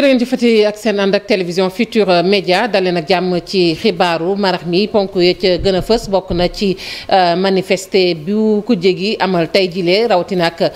jërë ngeen jëfati ak seen ànd ak télévision Futurs Médias dalee jàmm ci xibaaru marax mi ponk ya gën a fës bokk na ci euh, manifester bu kujje gi amal tey jilee rawatina ak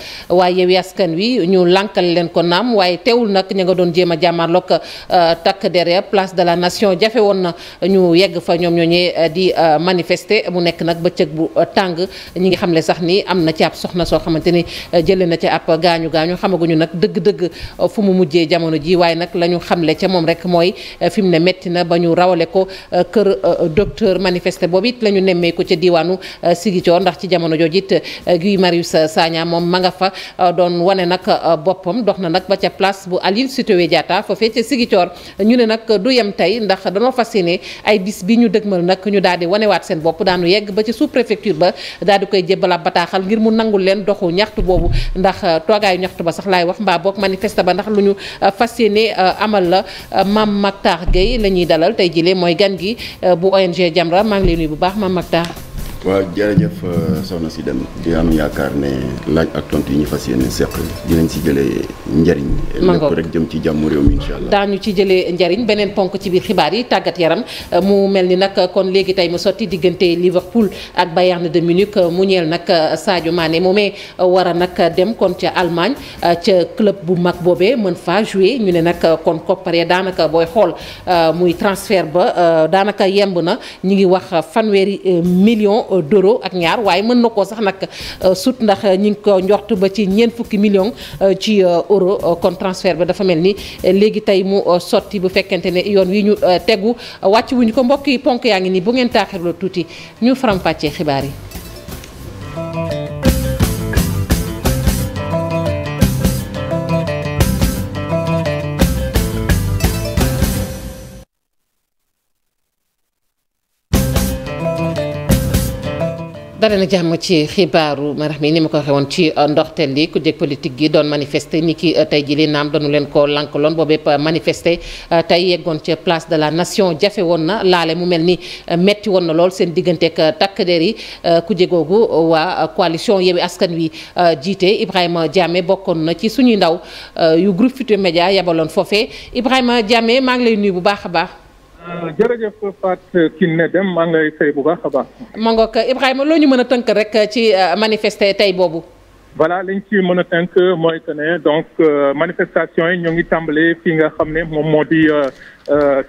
Askan Wi ñu lànkal leen ko naam waaye teewul nag ña nga doon jéem a jàmmarloog euh, takk derrière place de la nation jafe woon na ñu yegg fa ñoom ñooñee euh, di manifester mu nekk nag bëccëg bu tàng ñi ngi xam le sax ni am na ci ab soxna soo xamante ni jële na ci ab gaañu gaañu xamaguñu nag dëgg-dëgg fu mu mujjee jamono ji waaye waaye nag la ñu xamle ca moom rek mooy eh, fi mu ne métti na ba ñu rawale ko eh, kër eh, docteur manifeste boobu it la ñu nemmee ko ca diwaanu Ziguinchor ndax ci jamono jooju it Guy Marius Sagna moom ma nga fa doon wane nag boppam dox na nag ba ca place bu Aline Sitoé Diatta foofee ca Ziguinchor ñu ne nag du yem tey ndax danoo fas yéene ay bis bi ñu dëgmal nag ñu daal di wanewaat seen bopp daanu yegg ba ci sous préfecture ba daal koy jébbalaat bataaxal ngir mu nangul leen doxu ñaxtu boobu ndax toogaayu ñaxtu ba sax laay wax mbaa boog manifeste ba ndax lu ñu fas Euh, amal la euh, Mame Mactar Gueye la ñuy dalal tey jile mooy gan gi euh, bu ONG Jamra maa ngi lay bu baax Mame Mactar waaw jërëjëf euh, soxna si dem di am yaakaar ne laaj ak tontu yi ñu fas yéene seq dinañ si jëlee njariñ lépp rek jëm ci jàmm réew mi incha allah daañu jëlee njariñ beneen ponk ci biir xibaar yi tàggat yaram euh, mu mel ni nag kon léegi tey mu sotti diggante Liverpool ak Bayern de Munich euh, mu ñeel nag Sadio Mané moomee war a nag dem kon ca almaañ ca club bu mag boobee mën fa jouer ñu ne nag kon kopparee daanaka booy xool muy transfert ba daanaka yemb na ñu ngi wax fanweeri million d'euros ak ñaar waaye mën na koo sax nag euh, sut ndax euh, ñi ngi ko njort ba ci ñeent fukki millions euh, ci euro kon transfert ba dafa mel ni léegi tey mu sotti bu fekkente ne yoon wi ñu tegu wàcc wuñu ko mbokk yi ponk yaa ngi nii bu ngeen taaxirloo tuuti ñu faram-fàccee xibaar yi. dale na jàmm ci xibaaru marax ni ma ko waxee woon ci euh, ndoxteel li ku jég politique gi doon manifester ni ki euh, tey ji li naam doonu leen ko lankaloon boobu yëpp euh, manifester tey yeggoon ca place de la nation jafe woon na laale mu mel ni metti woon na lool seen digganteeg takk der yi ku jégoogu waa coalition Yewwi Askan Wi jiite Ibrahima Diame bokkoon na ci suñuy ndaw yu groupe Futurs Médias yabaloon foofee Ibrahima Diame maa lay nuyu bu baax a baax Euh, jërëjëf Fatou Kiné Deme maa ngi lay fay bu baax a baax. ma ngoog Ibrahima loo ñu mën a tënk rek ci euh, manifester tey boobu. voilà liñ ci mën a tënk mooy que ne donc euh, manifestation yi ñoo ngi tàmbalee fii nga xam ne moom moo di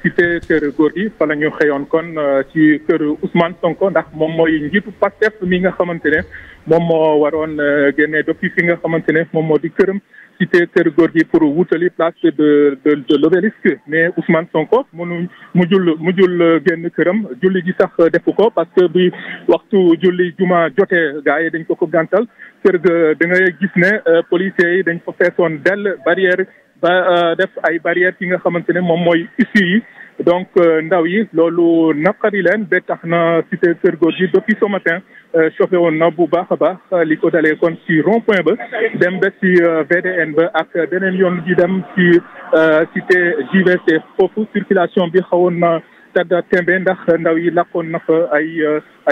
cité kër góor gi fa la ñu xëyoon kon ci kër Ousmane Sonko ndax moom mooy njiitu Pastef mi nga xamante ne moom moo waroon génnee depuis fi nga xamante ne moom moo di këram. cité Kër Gorgui pour wutali place de de de l'obélisque mais Ousmane Sonko mënu mujjul mujjul génn këram julli gi sax defu ko parce que bi waxtu julli juma jote gars yi dañ ko ko gàntal kër ga da ngay gis ne euh, policiers yi dañ ko feesoon dell barrière ba euh, def ay barrières yi nga xamante ne moom mooy issue yi donc euh, ndaw yi loolu naqari leen ba tax na cité Kër Gorgui depuis ce matin Euh, chauffé woon na bu baax a baax li ko dalee kon ci rond ba dem ba ci euh, VDN ba ak beneen yoon bi dem ci euh, cité JVC foofu circulation bi xawoon na tagga tembe ndax ndaw yi lakkoon na fa ay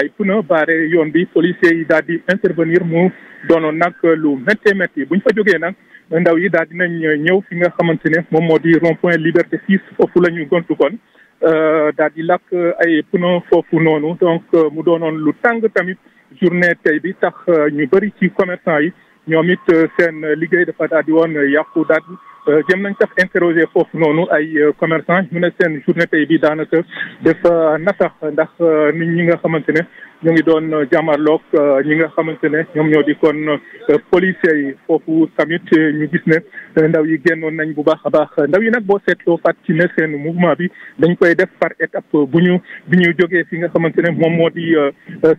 ay pneu barré yoon bi policiers yi daal di intervenir mu doonoon nag lu méttee métti bu ñu fa jógee nag ndaw yi daal dinañ ñëw fi nga xamante ne moom moo di rond point liberté six foofu la ñu gontu kon daal di lakk ay pneu foofu noonu donc mu doonoon lu tàng tamit journée tey bi tax euh, ñu bëri ci commerçant yi ñoom it euh, seen liggéey dafa daal di woon yàqu daal euh, jëm nañ sax interroger foofu noonu ay commerçant ñu ne seen journée tey bi daanaka dafa nasax ndax nit ñi nga xamante ne ñu ngi doon jàmmarloog euh, ñi nga xamante ne ñoom ñoo di kon euh, policiers yi foofu tamit euh, ñu gis ne ndaw yi génnoon nañ bu baax a baax ndaw yi nag boo seetloo fat ci ne seen mouvement bi dañ koy def par étape bu ñu bi ñu jógee fi nga xamante ne moom moo di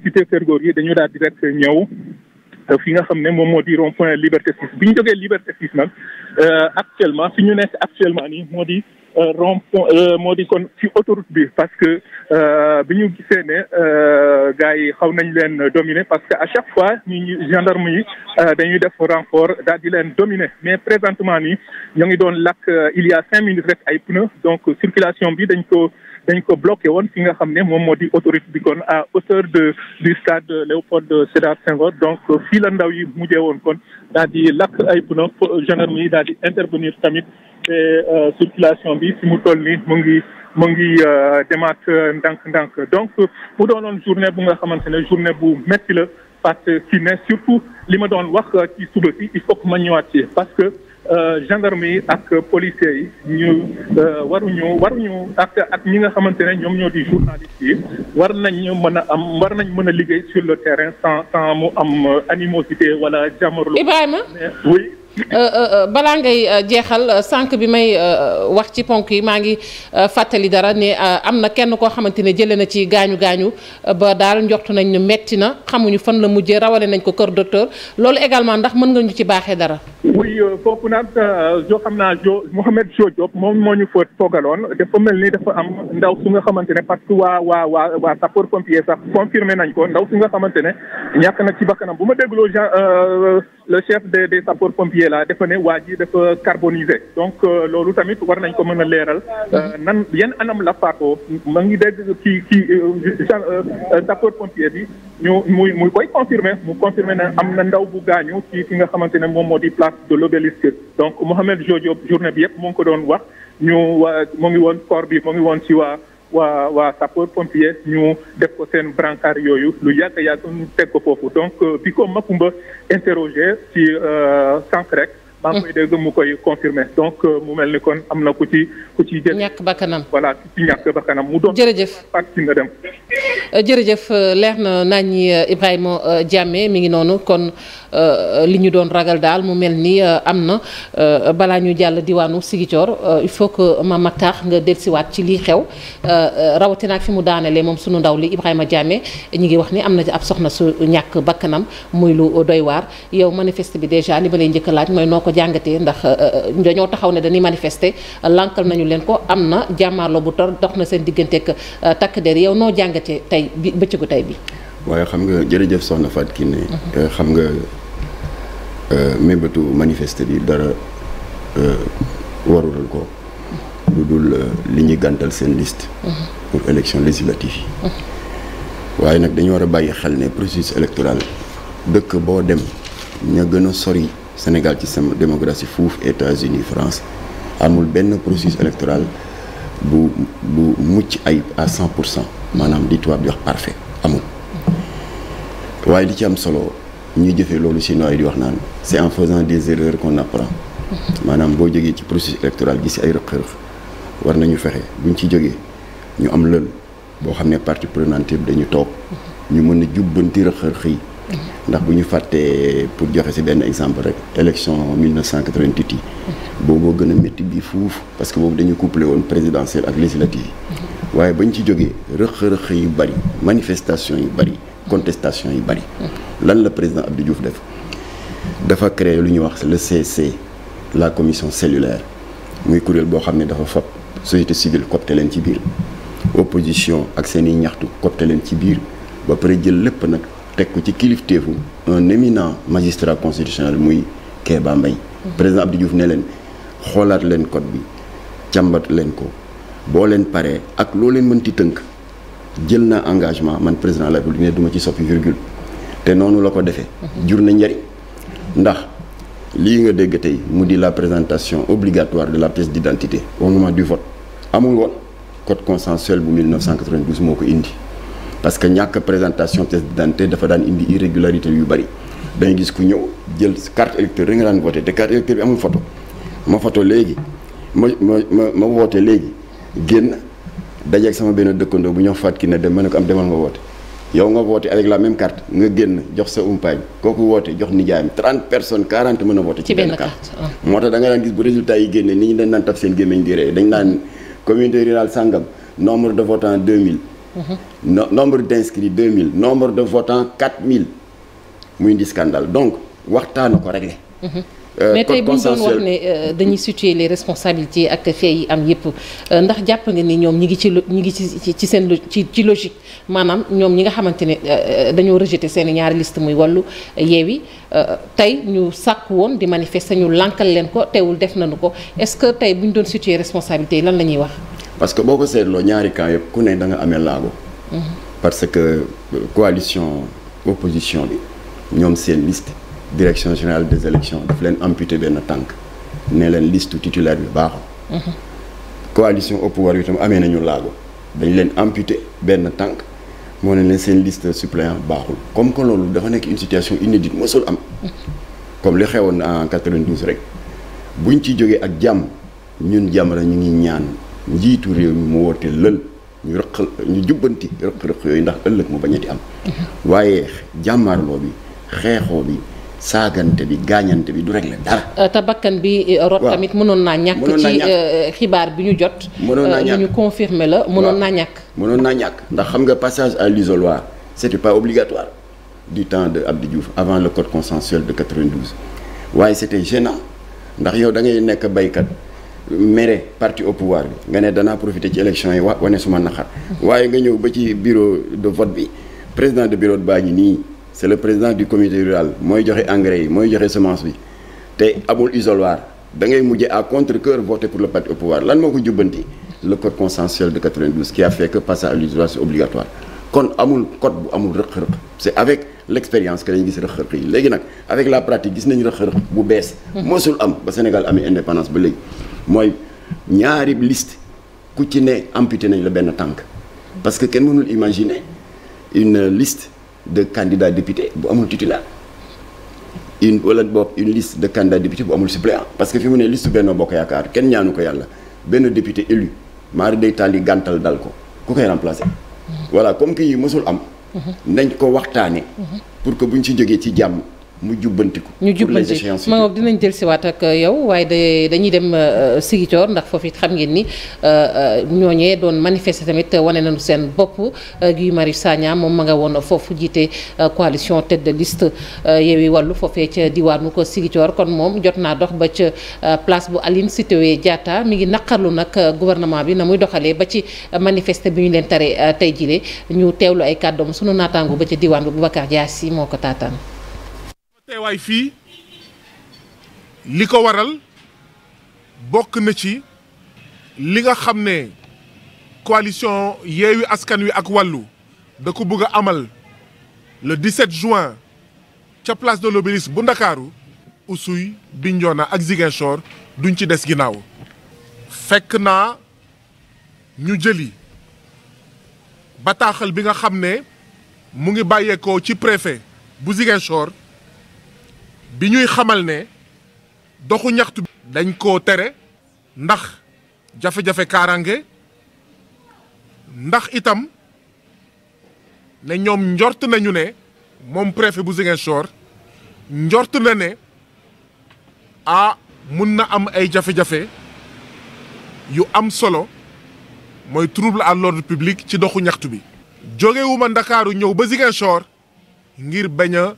cité Keur yi dañu daal di rek ñëw fi nga xam ne moom moo di rond point Liberté 6 bi ñu jogee Liberté 6 nag actuellement fi ñu nekk actuellement nii moo di Euh, rond point euh, moo di kon ci autorite bi parce que euh, bi ñu gisee ne gars yi xaw nañ leen dominer parce que à chaque fois ñu gendarme yi dañuy def renfort daal di leen dominer mais présentement nii ñoo ngi doon lakk il y cinq minutes rek ay pneus donc circulation bi dañ ko dañ ko bloqué woon fi nga xam ne moom moo di autorite bi kon à hauteur de du stade Léopold Sédar Senghor donc fi la ndaw yi mujjee woon kon daal di lakk ay pneus gendarme yi daal di intervenir tamit wàccee euh, bi mu toll nii mu ngi mu ngi euh, demaat euh, ndànk-ndànk donc mu doonoon journée bu nga xamante ne journée bu métti la parce que ne surtout li ma doon wax ci suba si il faut que ma ñëwaat ci parce que gendarmerie ak policiers yi ñu waruñu waruñu ak ak ñi nga xamante ne ñoom ñoo di journalistes yi war nañ mën a am war nañ mën a liggéey sur le terrain sans sans mu am animosité wala jàmmarloo. Ibrahima oui. Euh, euh, euh, balaa ngay jeexal sànq bi may wax ci ponk yi maa ngi fàttali dara ne am na kenn koo xamante ne jëlee na ci gaañu gaañu ba daal njoxtu nañ ne metti na xamuñu fan la mujjee rawale nañ ko kër docteur loolu également ndax mën nga ñu ci baaxee dara. oui foofu nag jo xam naa jo Mouhamed Jo Diop moom moo ñu fóot foogaloon dafa mel ni dafa am ndaw su nga xamante ne parce que waa waa waa waa sapeur pompier sax confirmé nañ ko ndaw su nga xamante ne ñàkk na ci bakkanam bu ma dégloo le chef des des sapeurs est defa ne waa ji dafa carbonisé donc euh, loolu tamit war nañ ko mën a leeral euh, nan yan anam la faatoo ma ngi dégg ci ci euh, sapeur pompier bi ñu muy mu koy confirmé mu confirmé na am na ndaw bu gaañu ci ki nga xamante ne moom moo di place de l'obélisque donc Mohamed Jojo journée bi yëpp moo ngi ko doon wax ñu waa ngi woon corps bi moo ngi woon ci waa waa waa sapeur pompier ñu def ko seen brancard yooyu lu yàgg yàgg ñu teg ko foofu donc euh, bi ko Makumba interrogé ci euh, sànq rek maa ngi koy dégg mu donc euh, mu mel ni kon am na ku ci ñàkk bakkanam voilà bakkanam mu doon jërëjëf ak euh, jërëjëf euh, leer na nañ Ibrahima Diame mi ngi noonu kon li ñu doon ragal daal mu mel ni am na balaa ñu jàll diwaanu Ziguinchor il faut que ma mataax nga dellusiwaat ci lii xew rawatina ak fi mu daanelee moom sunu ndaw li Ibrahima Diame ñu ngi wax ni am na ab soxna su ñàkk bakkanam muy lu doy waar yow manifeste bi déjà li ma lay njëkk laaj mooy noo ko jàngate ndax euh, euh, dañoo taxaw ne dañuy manifester lankal nañu leen ko am na jàmmaarloo bu tor dox na seen digganteeg euh, takk der yow noo jàngatee tey bi bëccëgu tey bi. waaye xam nga jërëjëf soxna Fatou Kiné mhm. xam nga mébétu manifester bi dara warulal ko. lu dul li ñuy gantal seen liste. Mhm. pour élection législative mhm. waaye nag dañu war a bàyyi xel ne processus électoral dëkk boo dem ña gën a sori. Sénégal ci sama démocratie fuuf États-Unis France amul benn processus électoral bu bu mucc ay à cent pour cent maanaam di tubaab di wax parfait amul waaye li ci am solo ñuy jëfee loolu chinois yi di wax naan c'est en faisant des erreurs qu'on apprend maanaam boo jógee ci processus électoral gi si ay rëq-rëq war nañu fexe buñ ci jógee ñu am lël boo xam ne parti prenante yëpp dañu toog ñu mën a jubbanti rëq-rëq yi ndax bu ñu fàttee pour joxe si benn exemple rek élection 1988 yi booboo gën a métti bi fuuf parce que boobu dañu couplé woon présidentielle ak législative yi waaye bañ ci jógee rëq-rëq yu bëri manifestation yu bëri contestation yu bëri lan la président Abdou Diouf def dafa créer lu ñuy wax le CC la commission cellulaire muy kuréel boo xam ne dafa fab société civile copte leen ci biir opposition ak seen i ñaxtu copte leen ci biir ba pare jël lépp nag teg ko ci kilifteefu un éminent magistrat constitutionnel muy Kéba mbay président Abdou Diouf ne leen xoolaat leen code bi càmbat leen ko boo leen paree ak loo leen ti tënk jël na engagement man président de la République ne duma ci soppi virgule te noonu la ko defee jur na njari ndax lii nga dégg tey mu di la présentation obligatoire de la pièce d'identité au moment du vote amul woon code consensuel bu 1992 moo ko indi parce que ñàkk présentation pièce dafa daan indi irrégularité yu bari dañuy gis ku ñëw jël carte électeur rek nga daan voté te carte électeur bi amul photo ma photo léegi ma ma ma ma woote léegi génn dajeeg sama benn dëkkandoo bu ñoo faat ki ne dem ma ne ko am demal nga woote yow nga woote avec la même carte nga génn jox sa umpaañ kooku woote jox nijaayam 30 personnes quarante mën a woote ci benn carte moo tax da nga daan gis bu résultat yi génne nit ñi dañ naan taf seen gémmiñ di ree dañ naan communauté rurale sàngam nombre de votants 2000 nombre d'inscrits mille nombre de votants 4000 muy indi scandale donc waxtaanu ko réglé Euh, mais tey bu ñu doon wax ne euh, dañuy situer les responsabilités ak fee yi am yëpp euh, ndax jàpp nga ni ñoom ñi ngi ci ñi ngi ci ci seen ci ci logique maanaam ñoom ñi nga xamante ne dañoo rejeté seen ñaari list muy wàllu yeewi tey ñu sàkk woon di manifester ñu lànkal leen ko teewul def nañu ko est-ce que tey bu ñu doon situer responsabilités yi lan la ñuy wax. parce que boo ko seetloo ñaari camp yëpp ku ne da nga amee laago. Mhm. parce que coalition opposition bi ñoom seen liste. direction générale des élections dafa leen amputé benn tànk ne leen liste titulaire bi baaxul. Mhm. coalition au pouvoir bi itam amee nañu laago dañ leen amputé benn tànk moo ne leen seen liste suppléant baaxul comme que loolu dafa nekk une situation inédite mosul am. Mhm. comme li xewoon en 92 rek buñ ci jógee ak jàmm ñun jàmm ñu ngi ñaan njiitu réew mi mu woote lël ñu rëq ñu jubbanti rëq-rëq yooyu ndax ëllëg mu bañati am. Mhm. waaye jàmmaarloo bi xeexoo bi. saagante bi gaañante bi du régler dara. Euh, te bakkan bi euh, rot tamit mënoon naa ñàkk ci euh, xibaar bi ñu jot. mënoon naa ñàkk ñu confirmer la mënoon naa ñàkk. mënoon naa ñàkk ndax xam nga passage à l'isoloir c'était pas obligatoire du temps de Abdou Diouf avant le code consensuel de 92 waaye c'était gênant ndax yow da ngay nekk baykat mere partie au pouvoir bi nga ne danaa profiter ci élection yi wa wane suma naxar mm-hmm. waaye nga ñëw ba ci bureau de vote bi président de bureau de baa ngi nii. c'est le président du comité rural mooy joxe engrais yi mooy joxe semence bi te amul isoloir da ngay mujje à contre-cœur voter pour le parti au lan moo ko jubbanti le code consensuel de 92 qui a fait que passer à l'isoloir obligatoire kon amul code bu amul rëq-rëq c'est avec l'expérience que dañu gis rëq-rëq yi léegi nag avec la pratique gis nañu rëq-rëq bu bees mosul am ba Sénégal amee indépendance ba léegi mooy ñaari liste ku ci ne amputé nañ la benn tànk parce que kenn mënul imaginer une liste de candidats députés bu amul titulaire une wala boog une liste de candidats députés bu amul suppléant parce que fi mu ne liste Benno Bokk Yaakaar kenn ñaanu ko yàlla benn député élu maari day taal yi gàntal dal ko ku koy remplacer. voilà comme que yi mësul am. Mhm. nañ ko waxtaane mhm. pour que buñ ci jógee ci jàmm. mu jubbantiku. ñu jubbanti ma dinañ dellusiwaat ak yow waaye da dañuy dem Sigicoor euh, ndax foofu yi xam ngeen ni euh, euh, ñooñee doon manifester tamit wane nañu seen bopp Guy mari Sagna moom ma nga woon foofu jiite coalition tête de liste Yewwi Wallu foofee ca diwaanu ko Sigicoor kon moom jot naa dox ba ca place bu Aline Sitoé Diatta mi ngi naqarlu nag gouvernement bi na muy doxalee ba ci manifester bi ñu leen tare tey jile ñu teewlu ay kàddoom sunu naataango ba ca diwaan bu Boubacar Diassi moo ko taataan. teewaay fii li ko waral bokk na ci li nga xam ne coalition Yewwi Askan Wi ak wàllu da ko bëgg a amal le 17 juin ca place de l'Obélisque bu Ndakaaru binjoo na ak Ziguinchor duñ ci des ginnaaw fekk naa ñu jëli bataaxal bi nga xam ne mu ngi bàyyeekoo ci préfet bu Ziguinchor bi ñuy xamal ne doxu ñaxtu bi dañ koo tere ndax jafe-jafe kaaraange ndax itam ne ñoom njort nañu ne moom préfet bu Ziguinchor njort na ne ah mën na am ay jafe-jafe yu am solo mooy trouble à l'ordre public ci doxu ñaxtu bi. jógewuma ndakaaru ñëw ba Ziguinchor ngir bañ a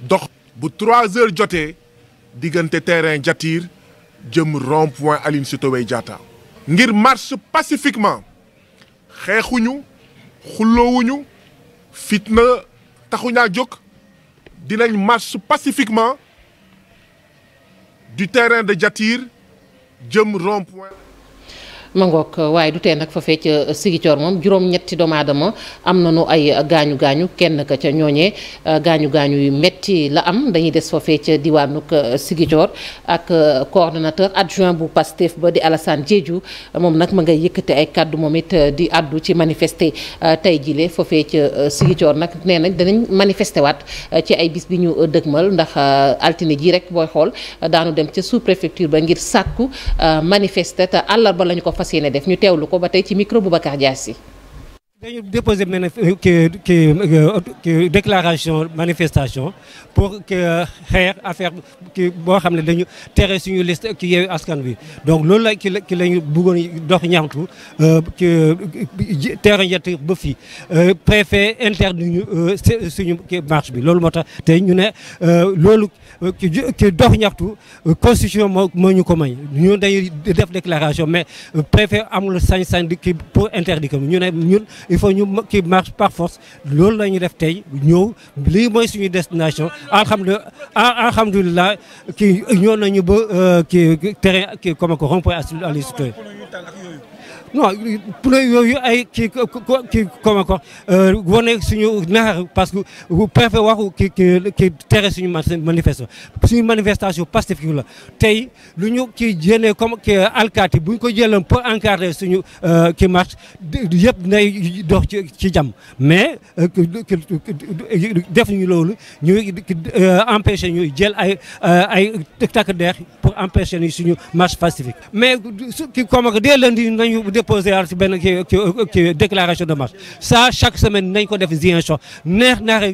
dox. bu trois heures jotee diggante terrain Jatiir jëm rond point Aline Sitoé Diatta ngir marche pacifiquement xeexuñu xulloowuñu fitna taxuñaa jóg dinañ marche pacifiquement du terrain de Jatiir jëm rond ma ngoog waaye du tee nag fa fee ca Sigicoor moom juróom-ñetti doomu aadama am nañu ay gaañu gaañu kenn ka ca ñooñe gaañu gaañu yu metti la am dañuy des fa fee ca diwaanug Sigicoor ak coordonnateur adjoint bu Pastef ba di Alassane ju moom nag ma ngay yëkkati ay kàddu moom it di addu ci manifester euh, tey jile fa fee ca Sigicoor euh, nag nee nag danañ manifester waat euh, ci ay bis bi ñu dëgmal ndax altine jii rek booy xool daanu dem ca sous préfecture ba ngir sàkku manifester te fas yéene def ñu teewlu ko ba tey ci micro Boubacar Diassi. dañu déposé benn ki manifestation pour que euh, xeex affaire ki boo xam ne dañu tere suñu liste ki yeewu askan bi donc loolu la ki la ki lañu bëggoon dox ñaxtu euh, tere njëtt ba fi euh, préfet interdit suñu marche bi loolu moo tax tey ñu ne loolu. ki dox ñaxtu constitution moo moo ñu ko may ñun dañuy def déclaration mais euh, préfet amul sañ-sañ di kii pour interdire ko ñu ne ñun il faut ñu ki marche par force loolu la ñuy def tey ñëw lii mooy suñu destination alhamdulilah alhamdulilah kii ñëw nañu ba euh, kii terrain kii comme que rond-point non pneu yooyu ay kii kii comme ko euh, suñu naxar parce que préfet waxu ki ki tere suñu manifestation suñu manifestation pacifique la tey lu ñu ki jénee comme ki alkaati buñ ko jëlam pour encadrer suñu euh, ki marche yëpp nay dox ci ci jàmm mais euh, def ñu loolu ñu empêché ñu jël ay ay takk der pour empêcher suñu marche pacifique mais ki comme que dès lundi nañu déposé waat si benn kii déclaration de marche ça chaque semaine nañ ko def Ziguinchor neex naare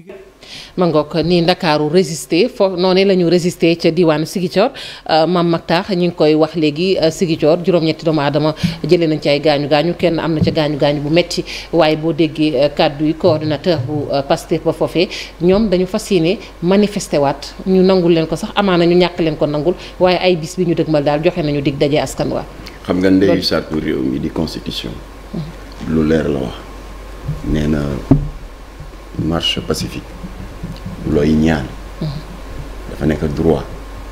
ma ngoog nii ndakaaru résister foofu noonu la ñu résister ca diwaanu Ziguinchor euh, Mame Mactar ñu ngi koy wax léegi euh, Ziguinchor juróom-ñetti doomu aadama jëlee nañ ci ay gaañu gaañu kenn am na ci gaañu gaañu bu metti waaye boo déggee euh, kàddu yi coordinateur bu Pastef ba foofee ñoom dañu fas yéene manifester waat ñu nangul leen ko sax amaana ñu ñàkk leen ko nangul waaye ay bis bi ñu dëgmal daal joxe nañu dig daje askan wa xam nga ndeyu sartu réew di constitution lu leer la wax na marche pacifique looy ñaan dafa nekk droit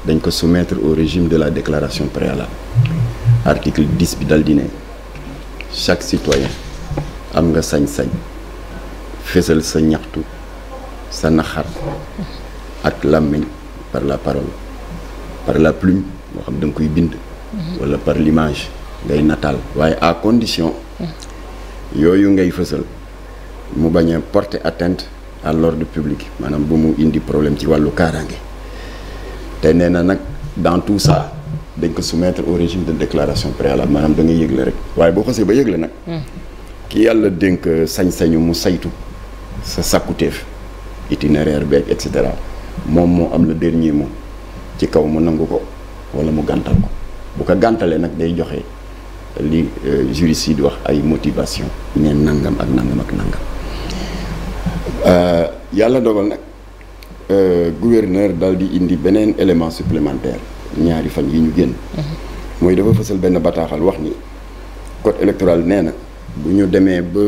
dañ ko soumettre au régime de la déclaration préalable article bi dal di ne chaque citoyen am nga sañ-sañ fésal sa ñaxtu sa naxar ak làmmiñ par la parole par la plume moo xam da nga koy bind wala par l'image ngay nataal waaye à condition yooyu ngay fësal mu bañ a porter atteinte à l'ordre public maanaam bu mu indi problème ci wàllu kaaraange te nee na nag dans tout ça dañ ko soumettre au de déclaration préalable maanaam da ngay yëgle rek waaye boo xasee ba yëgle nag hmm. ki yàlla dénk sañ-sañu mu saytu sa sakkuteef itinéraire beeg et moom moo am le dernier ci kaw mu nangu ko wala mu gàntal ko bu ko gàntalee nag day joxe li euh, juriste yi di wax ay motivation ne nangam ak nangam ak nangam euh, yàlla dogal nag euh, gouverneur daal di indi beneen élément supplémentaire ñaari fan yi ñu génn mm-hmm. mooy dafa fësal benn bataaxal wax ni code électoral nee na bu ñu demee ba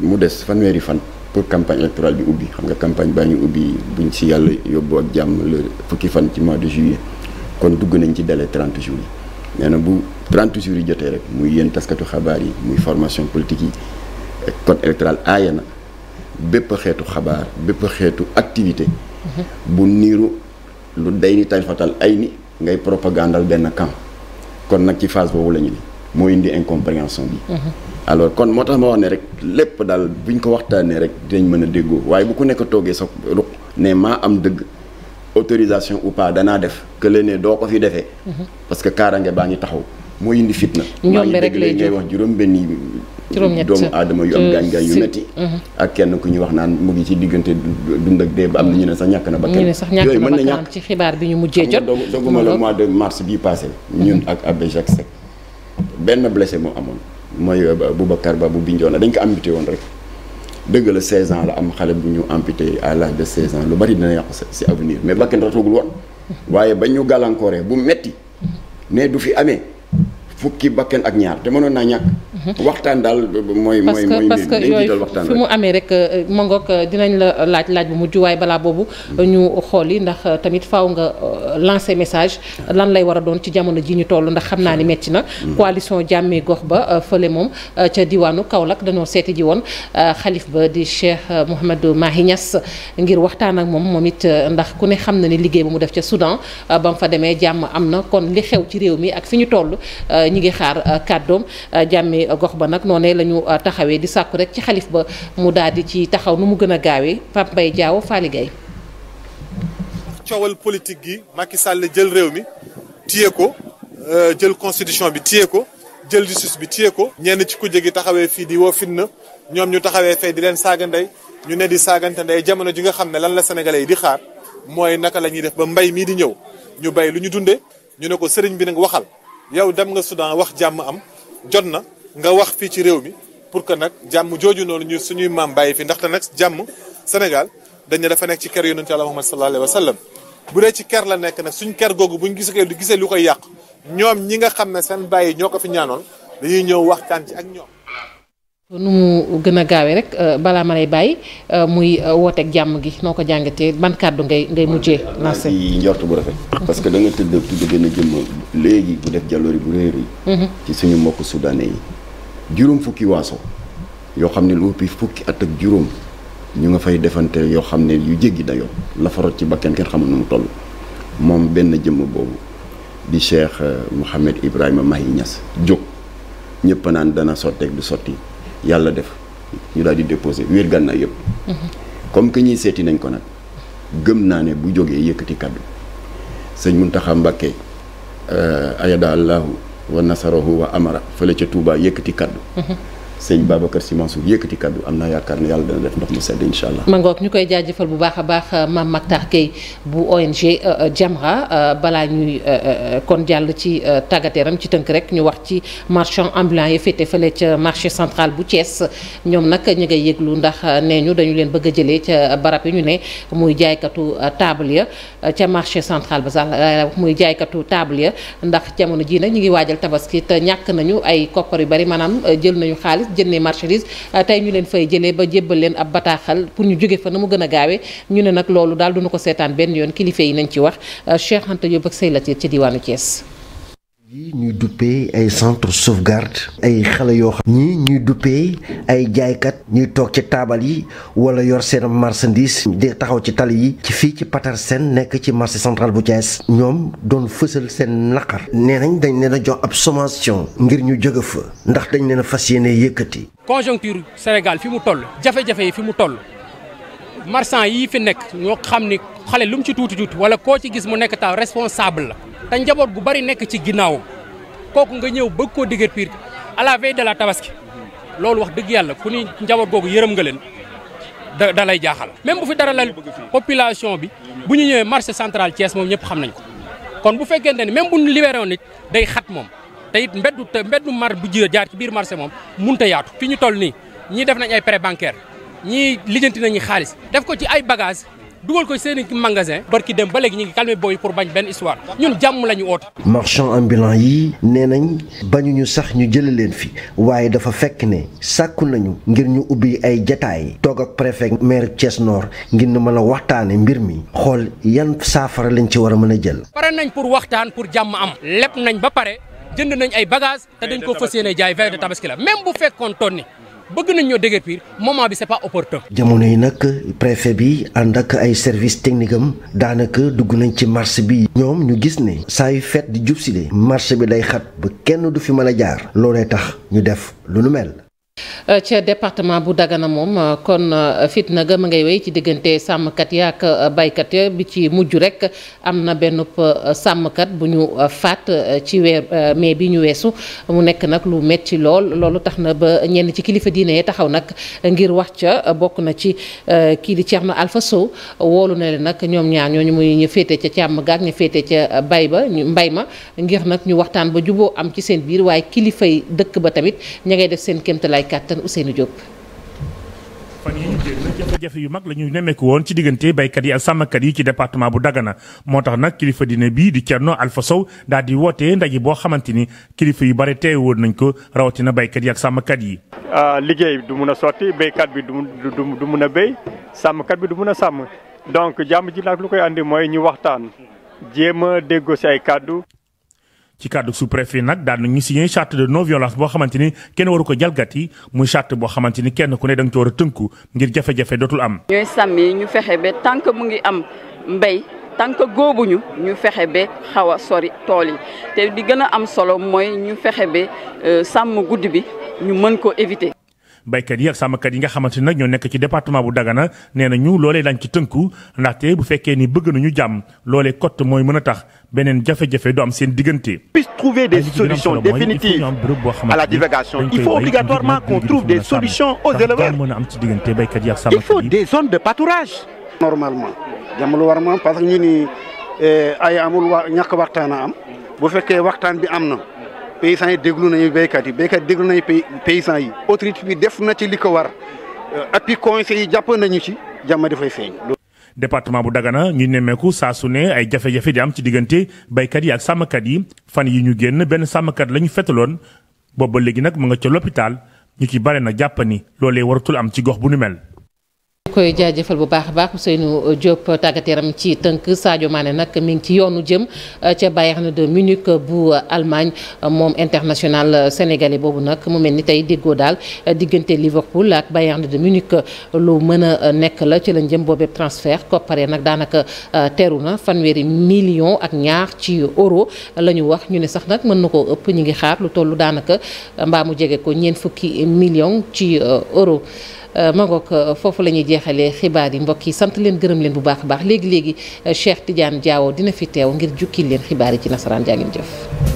mu des fanweeri fan pour campagne électorale bi ubbi xam nga campagne baa ñu ubbi buñ si yàlla yóbbu ak jàmm le fukki fan ci mois de juillet kon dugg nañ ci délai 30 jours yi nee na bu 30 jours yi jotee rek muy yéen taskatu xabaar yi muy formation politique yi ak code électoral na bépp xeetu xabaar bépp xeetu activité. bu niiru lu day ni tay fatal ay ni ngay propagandal benn camp kon nag ci phase boobu la ñu moo indi incompréhension bi. Mhm. alors kon moo tax ma wax ne rek lépp daal buñ ko waxtaanee rek dañ mën a déggoo waaye bu ku nekk toogee sa ruq ne maa am dëgg. autorisation ou danaa def que leneen doo ko fi defee. Mhm. parce que kaarange baa ngi taxaw. moo indi fitna. ñoom bi ngay wax juróom-benn yi. juróom-ñett doomu aadama yu am gaañ-gaañ yu metti mhm. ak kenn ku ñu wax naan mu ngi ci diggante dund ak dee ba am na ñu ne sax ñàkk na ba. kenn yooyu mën na ñàkk ci xibaar bi ñu mujjee jot. doguma la mois de mars bii passé. Mhm. ñun ak abbé Jacques Seck benn blessé moo amoon. mooy euh, Boubacar Ba bu na dañ ko amputé woon rek. dëgg la 16 ans la am xale bu ñu amputé à l'âge de ans lu bari dina yàqu si avenir mais bakkan ratagul woon mm-hmm. waaye ba ñu gàllankooree bu metti mm-hmm. ne du fi amee fukki bakken ak ñaar te mënoon naa ñàkk. Mhm. waxtaan daal mooy. mooy parce que parce que yooyu fi mu amee rek euh, mangook euh, dinañ la laaj laaj bu mujj waaye balaa boobu. Mhm. ñu xool yi ndax euh, tamit faw nga lancer message lan lay war a doon ci jamono ji ñu toll ndax xam naa ni metti na. Mhm. coalition jàmmee gox ba fële moom ca diwaanu Kaolack dañoo seeti ji woon xalif ba di Cheikh Mouhamadou Mahi Niass ngir waxtaan ak moom moom it ndax ku ne xam na ni liggéey ba mu def ca Soudan ba mu fa demee jàmm am na kon ci réew mi ak fi ñu ñi ngi xaar euh, kàddoom euh, jàmmi gox ba nag noonee la ñu euh, taxawee di sàkku rek ci xalif ba mu daal di ci taxaw nu mu gën a gaawee Pape mbay Diaw Faly Gueye coowal politique gi Macky Sall jël réew mi téye ko jël constitution bi téye ko jël justice bi téye ko. ñenn ci kujje gi taxawee fii di woo fitna ñoom ñu taxawee fay di leen saaga ndey ñu ne di saagante ndey jamono ji nga xam ne lan la sénégalais yi di xaar mooy naka la ñuy def ba mbay mii di ñëw ñu bay lu ñu dundee ñu ne ko sëriñ bi nag waxal. yow dem nga Soudan wax jàmm am jot na nga wax fii ci réew mi pour que nag jàmm jooju noonu ñu suñuy maam bàyyi fi ndaxte nag jàmm Sénégal dañ ne dafa nekk ci ker yonent Yàlla Muhammad sallallahu alayhi wa sallam bu dee ci ker la nekk nag suñ ker googu buñ gisee gisee lu koy yàq ñoom ñi nga xam ne seen bàyyi ñoo ko fi ñaanoon dañuy ñëw waxtaan ci ak ñoom. nu mu gën a gaawee rek euh, balaa ma lay bàyyi euh, muy euh, wooteeg jàmm gi noo ko jàngatee ban kàddu ngay ngay mujjee. merci yi njort bu rafet. parce que da nga tëdd tudd gën a jëmm léegi bu def jaloori bu réer yi. Mm-hmm. ci suñu mbokk soudanais yi. juróom fukki waaso yoo xam ne lu ëpp fukki at ak juróom ñu nga fay defante yoo xam ne yu jéggi dayoo la ci bakkan kenn xamul nu mu toll moom benn jëmm boobu di Cheikh Mouhamed Ibrahima Mahi Niass jóg ñëpp naan dana sotteeg du sotti. yàlla def ñu daal di déposé wér gànnaay yëpp. comme que ñuy seeti nañ ko nag gëm naa ne bu jógee yëkkati kaddu sëñ Muntaxa Mbàkke euh, ayada allahu wa nasarahu wa amara fële ca Touba yëkkati kaddu. sëñ Babacar Sy Mansour yëkkati kaddu am naa yaakaar ne yàlla dana def ndox mu sedd incha allah. ma ñu koy jaajëfal bu baax a baax euh, Mame Mactar Guèye bu ONG euh, euh, Jamra balaa ñuy kon jàll ci tàggateeram ci tënk rek ñu wax ci marchand ambulant yi féete fële ca marché central bu Thiès ñoom nag ñu ngay yëglu ndax nee ñu dañu leen bëgg a jëlee ca barab yi ñu ne muy jaaykatu table ya ca marché central ba sax muy jaaykatu table ya ndax jamono jii nag ñu ngi waajal tabaski ñàkk nañu ay koppar yu bari maanaam jël nañu xaalis jëndee marchandise euh, tey ñu leen fay jëlee ba jébbal leen ab bataaxal pour ñu jóge fa na mu gën a gaawee ñu ne nag loolu daal duñu ko seetaan benn yoon kilifa yi nañ ci wax euh, Cheikh Anta Diop ak Seylatir ci diwaanu cees yi ñuy duppee ay centre sauvegarde ay xale yoo xam ñii ñuy duppee ay jaaykat ñuy toog ci taabal yi wala yor seen marchandise di taxaw ci tali yi ci fii ci Patarsen nekk ci marché central bu Thiès ñoom doon fësal seen naqar nee nañ dañ leen a jox ab sommation ngir ñu jóge fa ndax dañ leen fas yéene yëkkati. conjoncture Sénégal fi mu toll jafe-jafe yi fi mu toll. marchand yii fi nekk ñoo xam ni xale lu mu ci tuuti tuuti wala koo ci gis mu nekk taw responsable la te njaboot gu bari nekk ci ginnaaw kooku nga ñëw bëgg koo digër piir à la veille de la tabaski loolu wax dëgg yàlla ku ni njaboot googu yërëm nga leen da da jaaxal même bu fi dara la population bi bu ñu ñëwee marché central Thiès moom ñëpp xam nañ ko kon bu fekkente ni même bu ñu libéré woon day xat moom te it mbeddu mbeddu mar bu jë jaar ci biir marché moom munta yaatu fi ñu toll nii ñii def nañ ay prêt bancaire ñii lijjanti nañu xaalis def ko ci ay bagages dugal ko seen magasin magasin barki dem ba léegi ñu ngi calmer booy pour bañ benn histoire ñun jàmm la ñu oot. marchand ambulant yi nee nañ bañuñu sax ñu jëlee leen fi waaye dafa fekk ne sàkku nañu ngir ñu ubbi ay jataay toog ak préfet maire Thiès noor ngir ñu mën a waxtaane mbir mi xool yan saafara lañ ci war a mën a jël. pare nañ pour waxtaan pour jàmm am. lépp nañ ba pare jënd nañ ay bagages te dañ ko fas yéene jaay veille de tabaski la même bu fekkoon toon ni bëgg nañ ñoo dégër piir moment bi c'est pas opportun. jamono yi nag préfet bi ànd ak ay service technique am daanaka dugg nañ ci marché bi ñoom ñu gis ne saa yu fet di jub si marché bi day xat ba kenn du fi mën a jaar loolee tax ñu def lu nu mel. Euh, ca département bu Dagana moom euh, kon euh, fitna ga ngay wéy ci diggante sàmmkat ya ak baykat ya bi ci mujj rek am na benn sàmmkat bu ñu faat ci weer mai bi ñu weesu mu nekk nag lu metti lool loolu tax na ba ñenn ci kilifa diine yi taxaw nag ngir wax ca bokk na ci kii di Thierno Alpha Sow woolu na leen nag ñoom ñaar ñooñu muy ñu féete ca càmm gaag ñu féete ca bay ba mbay ma ngir nag ñu waxtaan ba juboo am ci seen biir waaye kilifay dëkk ba tamit ña ngay def seen kéemtalaay kàttan Ousseynou Diop. fan yii ñu génn jafe-jafe yu mag la ñu nemmeeku woon ci diggante baykat yi ak sàmmkat yi ci département bu Dagana moo tax nag kilifa dina bii di cer Thierno Alpha Sow daal di woote ndaje boo xamante ni kilifa yu bare woon nañ ko rawatina baykat yi ak sàmmkat yi. Ah, liggéey du mun a sotti baykat bi du du mun a béy sàmmkat bi du mun a sàmm donc jàmm ji nag lu koy andi mooy ñu waxtaan jéem déggoo si ay kàddu. ci kàddu sous-préfet nag daan na ñu signé charte de non violence boo xamante ni kenn waru ko jalgati muy charte boo xamante ni kenn ku ne da nga ci war a tënku ngir jafe-jafe dootul am. ñooy sàmm ñu fexe ba tant que mu ngi am mbéy tant que góobuñu ñu fexe ba xaw a sori tool yi te di gën a am solo mooy ñu fexe ba euh, sàmm guddi bi ñu mën ko éviter. baykat yi ak sàmmkat yi nga xamante ne nag ñoo nekk ci département bu Dagana nee ñu loolee dañ ci tënku ndaxte bu fekkee ni bëgg nañu jàmm loolee cotte mooy mën a tax beneen jafe-jafe du am seen diggante. puisse trouver des solutions définitives à la divagation il faut obligatoirement qu'on trouve des solutions aux éleveurs a il faut des zones de normalement jàmm lu war ma parce que ñu ni eh, ay amul wa waxtaan a am bu fekkee waxtaan paysans yi déglu nañu béykat yi béykat yi déglu nañu paysans yi autorité bi def na ci li ko war euh, appui conseil yi jàpp nañu ci jàmm dafay feeñ. département bu Dagana ñu nemmeeku saa su ne ay jafe-jafe di am ci diggante baykat yi ak sàmmkat yi fan yi ñu génn benn sàmmkat lañu fetaloon boobu ba léegi nag mu nga ca l'hôpital ñu ci bare na jàpp ni loolee waratul am ci gox bu nu mel. koy jaajëfal bu baax a baax Ousseynou Diop tàggat yaram ci tënk Sadio Mané nag mi ngi ci yoonu jëm euh, ca na de Munich bu Allemagne euh, moom international euh, sénégalais boobu nag mu mel ni tey déggoo daal diggante Liverpool ak na de Munich lu mën a nekk la ci lañ jëm boobee transfert kopparee nag daanaka teru na fanweeri million ak ñaar ci euro la ñu wax ñu ne sax nag mën na koo ëpp ñu ngi xaar lu tollu daanaka mbaa mu jege ko ñeent fukki million ci euro. Euh, mangook euh, foofu la ñuy jeexalee xibaar yi mbokk yi sant leen gërëm leen bu baax a baax léegi léegi euh, Cheikh Tidiane Diawo dina fi teew ngir jukki leen xibaar yi ci nasaraan jaa ngeen jëf